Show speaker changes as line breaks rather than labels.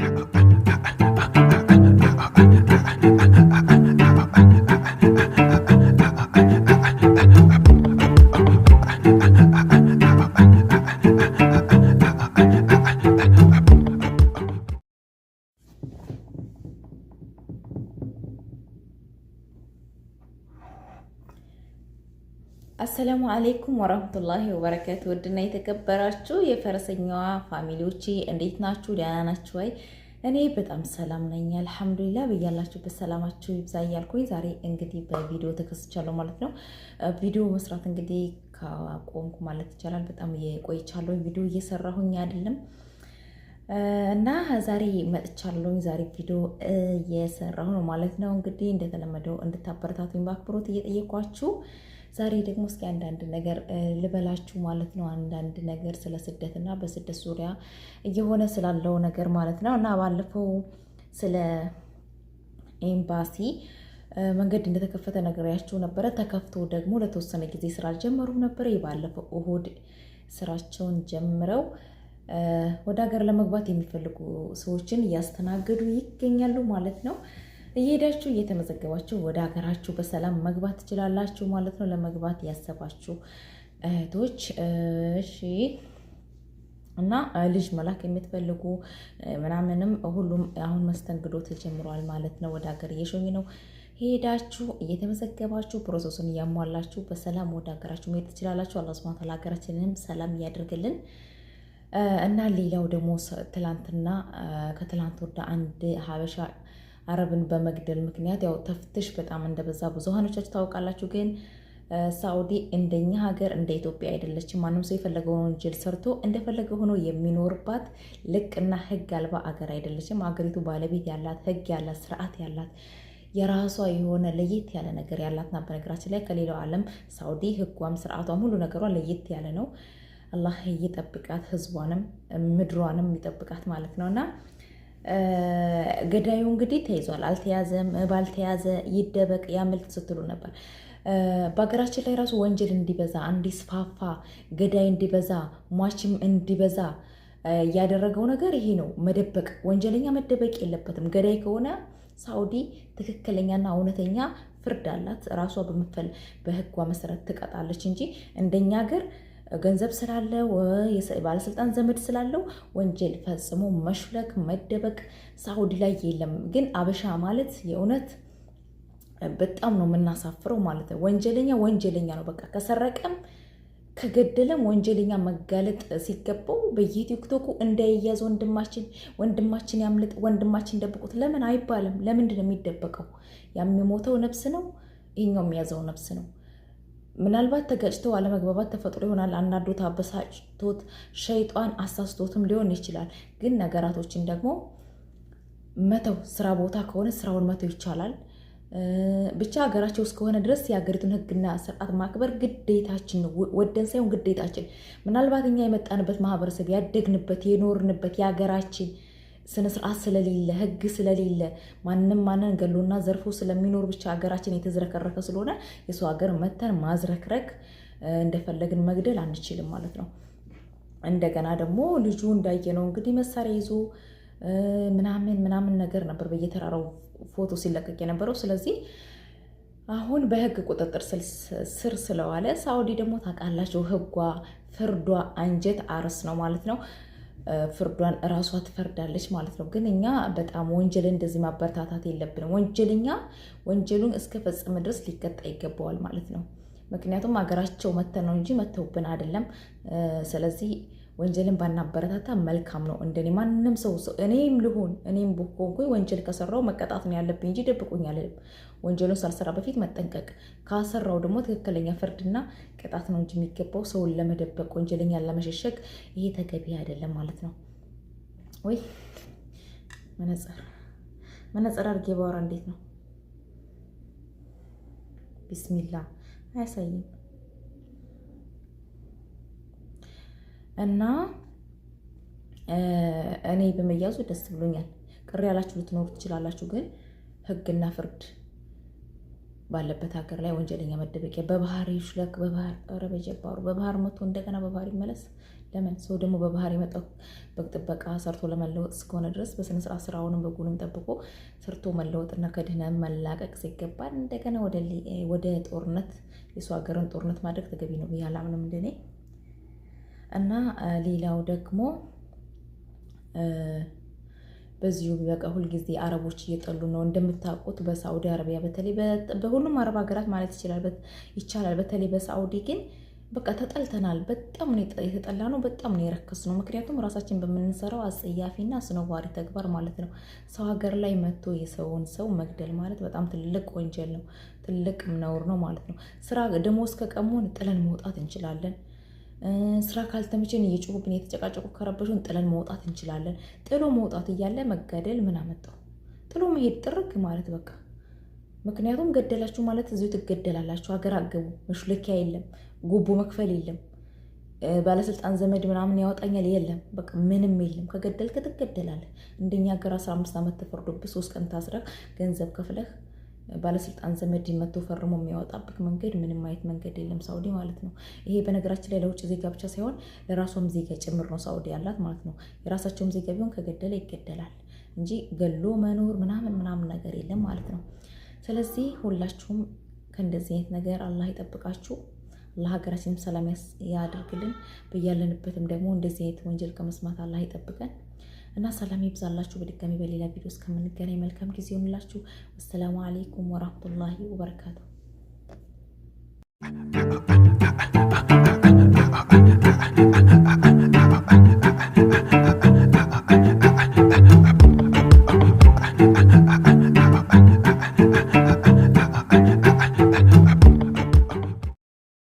Uh, uh, uh. አሰላሙ አሌይኩም ወረህመቱላሂ ወበረካቱ። ውድና የተከበራችሁ የፈረሰኛዋ ፋሚሊዎች እንዴት ናችሁ? ደህና ናችሁ ወይ? እኔ በጣም ሰላም ነኝ አልሐምዱሊላ። በያላችሁበት ሰላማችሁ ይብዛ እያልኩኝ ዛሬ እንግዲህ በቪዲዮ ተከስቻለሁ ማለት ነው። ቪዲዮ መስራት እንግዲህ ከቆምኩ ማለት ይቻላል በጣም የቆይቻለሁ። ቪዲዮ እየሰራሁኝ አይደለም እና ዛሬ መጥቻለሁኝ። ዛሬ ቪዲዮ እየሰራሁ ነው ማለት ነው። እንግዲህ እንደተለመደው እንድታበረታቱኝ በአክብሮት እየጠየኳችሁ ዛሬ ደግሞ እስኪ አንዳንድ ነገር ልበላችሁ ማለት ነው። አንዳንድ ነገር ስለ ስደት እና በስደት ዙሪያ እየሆነ ስላለው ነገር ማለት ነው እና ባለፈው ስለ ኤምባሲ መንገድ እንደተከፈተ ነግሬያችሁ ነበረ። ተከፍቶ ደግሞ ለተወሰነ ጊዜ ስራ አልጀመሩም ነበረ። የባለፈው እሁድ ስራቸውን ጀምረው ወደ ሀገር ለመግባት የሚፈልጉ ሰዎችን እያስተናገዱ ይገኛሉ ማለት ነው። እየሄዳችሁ እየተመዘገባችሁ ወደ ሀገራችሁ በሰላም መግባት ትችላላችሁ ማለት ነው። ለመግባት ያሰባችሁ እህቶች እሺ። እና ልጅ መላክ የምትፈልጉ ምናምንም ሁሉም አሁን መስተንግዶ ተጀምሯል ማለት ነው። ወደ ሀገር እየሸኝ ነው። ሄዳችሁ እየተመዘገባችሁ ፕሮሰሱን እያሟላችሁ በሰላም ወደ ሀገራችሁ መሄድ ትችላላችሁ። አላህ ሱብሃነሁ ወተዓላ ሀገራችንንም ሰላም እያደርግልን እና ሌላው ደግሞ ትላንትና ከትላንት ወደ አንድ ሀበሻ አረብን በመግደል ምክንያት ያው ተፍትሽ በጣም እንደበዛ ብዙሀኖቻችሁ ታውቃላችሁ። ግን ሳኡዲ እንደኛ ሀገር እንደ ኢትዮጵያ አይደለችም። ማንም ሰው የፈለገውን ወንጀል ሰርቶ እንደፈለገ ሆኖ የሚኖርባት ልቅና ህግ አልባ አገር አይደለችም። ሀገሪቱ ባለቤት ያላት ህግ ያላት ስርዓት ያላት የራሷ የሆነ ለየት ያለ ነገር ያላት በነገራችን ላይ ከሌላው ዓለም ሳኡዲ ህጓም ስርዓቷም ሁሉ ነገሯ ለየት ያለ ነው። አላህ ይጠብቃት፣ ህዝቧንም ምድሯንም ይጠብቃት ማለት ነው እና ገዳዩ እንግዲህ ተይዟል። አልተያዘም፣ ባልተያዘ ይደበቅ ያምልጥ ስትሉ ነበር። በሀገራችን ላይ ራሱ ወንጀል እንዲበዛ እንዲስፋፋ፣ ገዳይ እንዲበዛ፣ ሟችም እንዲበዛ ያደረገው ነገር ይሄ ነው። መደበቅ ወንጀለኛ መደበቅ የለበትም። ገዳይ ከሆነ ሳውዲ ትክክለኛና እውነተኛ ፍርድ አላት። ራሷ በህጓ መሰረት ትቀጣለች እንጂ እንደኛ ሀገር ገንዘብ ስላለው ባለስልጣን ዘመድ ስላለው ወንጀል ፈጽሞ መሽለክ መደበቅ ሳውዲ ላይ የለም። ግን አበሻ ማለት የእውነት በጣም ነው የምናሳፍረው ማለት ነው። ወንጀለኛ ወንጀለኛ ነው በቃ ከሰረቀም ከገደለም ወንጀለኛ መጋለጥ ሲገባው በየቲክቶኩ እንዳይያዝ ወንድማችን ወንድማችን ያምልጥ ወንድማችን ደብቁት ለምን አይባልም? ለምንድን ነው የሚደበቀው? የሚሞተው ነፍስ ነው፣ ይህኛው የሚያዘው ነፍስ ነው። ምናልባት ተጋጭተው አለመግባባት ተፈጥሮ ይሆናል። አንዳንዶት አበሳጭቶት ሸይጧን አሳስቶትም ሊሆን ይችላል። ግን ነገራቶችን ደግሞ መተው ስራ ቦታ ከሆነ ስራውን መተው ይቻላል። ብቻ ሀገራቸው እስከሆነ ድረስ የሀገሪቱን ሕግና ስርዓት ማክበር ግዴታችን ነው፣ ወደን ሳይሆን ግዴታችን። ምናልባት እኛ የመጣንበት ማህበረሰብ ያደግንበት የኖርንበት የሀገራችን ስነ ስርዓት ስለሌለ ህግ ስለሌለ ማንም ማንን ገሎና ዘርፎ ስለሚኖር ብቻ ሀገራችን የተዝረከረከ ስለሆነ የሰው ሀገር መተን ማዝረክረክ እንደፈለግን መግደል አንችልም ማለት ነው። እንደገና ደግሞ ልጁ እንዳየነው እንግዲህ መሳሪያ ይዞ ምናምን ምናምን ነገር ነበር በየተራራው ፎቶ ሲለቀቅ የነበረው። ስለዚህ አሁን በህግ ቁጥጥር ስር ስለዋለ ሳውዲ ደግሞ ታውቃላችሁ ህጓ፣ ፍርዷ አንጀት አርስ ነው ማለት ነው። ፍርዷን እራሷ ትፈርዳለች ማለት ነው። ግን እኛ በጣም ወንጀልን እንደዚህ ማበረታታት የለብንም። ወንጀለኛ ወንጀሉን እስከፈጸመ ድረስ ሊቀጣ ይገባዋል ማለት ነው። ምክንያቱም ሀገራቸው መተን ነው እንጂ መተውብን አይደለም። ስለዚህ ወንጀልን ባናበረታታ መልካም ነው። እንደኔ ማንም ሰው እኔም ልሆን እኔም ብሆንኩ ወንጀል ከሰራው መቀጣት ነው ያለብኝ እንጂ ደብቁኝ አልልም። ወንጀሉን ሳልሰራ በፊት መጠንቀቅ፣ ካሰራው ደግሞ ትክክለኛ ፍርድና ቅጣት ነው እንጂ የሚገባው ሰውን ለመደበቅ ወንጀለኛን ለመሸሸግ ይሄ ተገቢ አይደለም ማለት ነው። ወይ መነጽር መነጽር አድርጌ ባወራ እንዴት ነው? ቢስሚላ አያሳይም። እና እኔ በመያዙ ደስ ብሎኛል። ቅር ያላችሁ ልትኖሩ ትችላላችሁ፣ ግን ህግና ፍርድ ባለበት ሀገር ላይ ወንጀለኛ መደበቂያ በባህር ይሽለክ በባህር ኧረ በጀባሩ በባህር መቶ እንደገና በባህር ይመለስ። ለምን ሰው ደግሞ በባህር የመጣው በግ ጥበቃ ሰርቶ ለመለወጥ እስከሆነ ድረስ በስነስርዓት ስራውንም በጉንም ጠብቆ ሰርቶ መለወጥና ከድህነ መላቀቅ ሲገባ እንደገና ወደ ጦርነት የሱ ሀገርን ጦርነት ማድረግ ተገቢ ነው ብዬ አላምንም እንደኔ እና ሌላው ደግሞ በዚሁ በቃ ሁልጊዜ አረቦች እየጠሉ ነው እንደምታውቁት። በሳዑዲ አረቢያ በተለይ በሁሉም አረብ ሀገራት ማለት ይቻላል። በተለይ በሳዑዲ ግን በቃ ተጠልተናል። በጣም ነው የተጠላ ነው፣ በጣም ነው የረከስ ነው። ምክንያቱም ራሳችን በምንሰራው አጸያፊና አስነዋሪ ተግባር ማለት ነው። ሰው ሀገር ላይ መጥቶ የሰውን ሰው መግደል ማለት በጣም ትልቅ ወንጀል ነው፣ ትልቅ ነውር ነው ማለት ነው። ስራ ደሞዝ ከቀሙን ጥለን መውጣት እንችላለን። ስራ ካልተመቸን እየጮሁብን የተጨቃጨቁ ከረበሹን ጥለን መውጣት እንችላለን። ጥሎ መውጣት እያለ መገደል ምን አመጣው? ጥሎ መሄድ ጥርግ ማለት በቃ። ምክንያቱም ገደላችሁ ማለት እዚሁ ትገደላላችሁ። ሀገር አገቡ መሽለኪያ የለም፣ ጉቦ መክፈል የለም፣ ባለስልጣን ዘመድ ምናምን ያወጣኛል የለም፣ በቃ ምንም የለም። ከገደልክ ትገደላለህ። እንደኛ ሀገር አስራ አምስት ዓመት ተፈርዶብህ ሶስት ቀን ታስረህ ገንዘብ ከፍለህ ባለስልጣን ዘመድ መጥቶ ፈርሞ የሚያወጣበት መንገድ ምንም አይነት መንገድ የለም፣ ሳውዲ ማለት ነው። ይሄ በነገራችን ላይ ለውጭ ዜጋ ብቻ ሳይሆን ለራሷም ዜጋ ጭምር ነው ሳውዲ ያላት ማለት ነው። የራሳቸውም ዜጋ ቢሆን ከገደለ ይገደላል እንጂ ገሎ መኖር ምናምን ምናምን ነገር የለም ማለት ነው። ስለዚህ ሁላችሁም ከእንደዚህ አይነት ነገር አላህ ይጠብቃችሁ። ለሀገራችንም ሰላም ያደርግልን። በያለንበትም ደግሞ እንደዚህ አይነት ወንጀል ከመስማት አላህ ይጠብቀን እና ሰላም ይብዛላችሁ። በድጋሚ በሌላ ቪዲዮ እስከምንገናኝ መልካም ጊዜ ይሆንላችሁ። አሰላሙ አሌይኩም ወራህመቱላሂ ወበረካቱ።